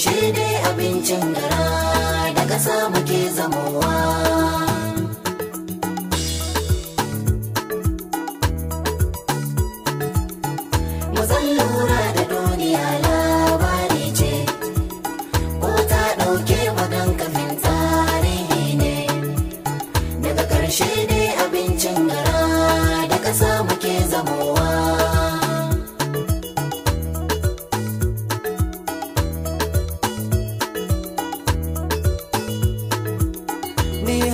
Ashe abincin gara da samu ke zamowa.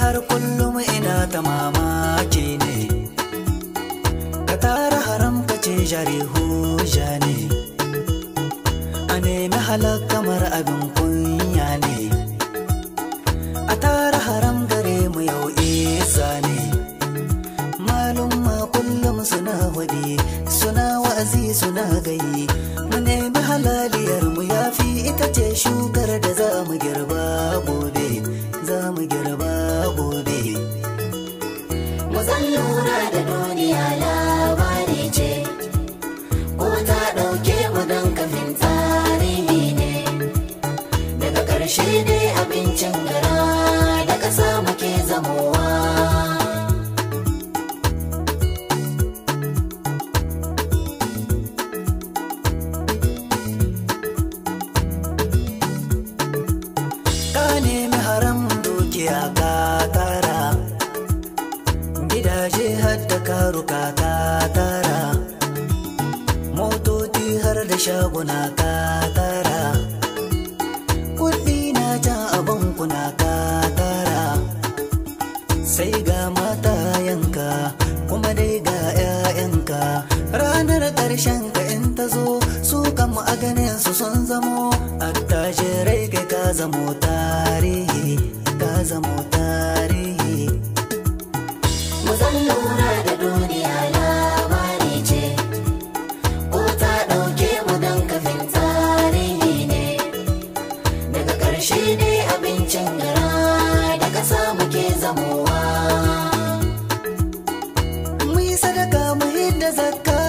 har kullum ina ta mamaki ne ka tara haram ka ce jari hujja ne a nemi halar kamar abin kunya ne a tara haram gare mu yau isa ne malum ma kullum suna wabi suna wa'azi suna gayi mu nemi halaliyar mu ya fi ita ce shugar da za mu girba gobe za mu girba gobe mu zan lura da duniya labari ce ko ta ɗauke mu don kafin tarihi ne daga ƙarshe dai abincin gara da ƙasa muke zamowa shaguna katara kuɗi na ta abin kuna katara sai ga mata yanka kuma dai ga 'ya'yanka ranar ƙarshen ka in ta zo su kama a ganin su sun zamo attajirai kai ka zamo tarihi ka zamo tarihi zamowa mu yi sadaka mu yi da zakka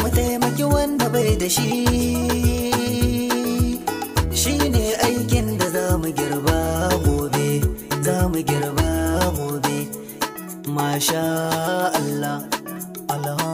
mu taimaki wanda bai da shi shi ne aikin da za mu girba gobe za mu girba gobe masha Allah alhamdulillah.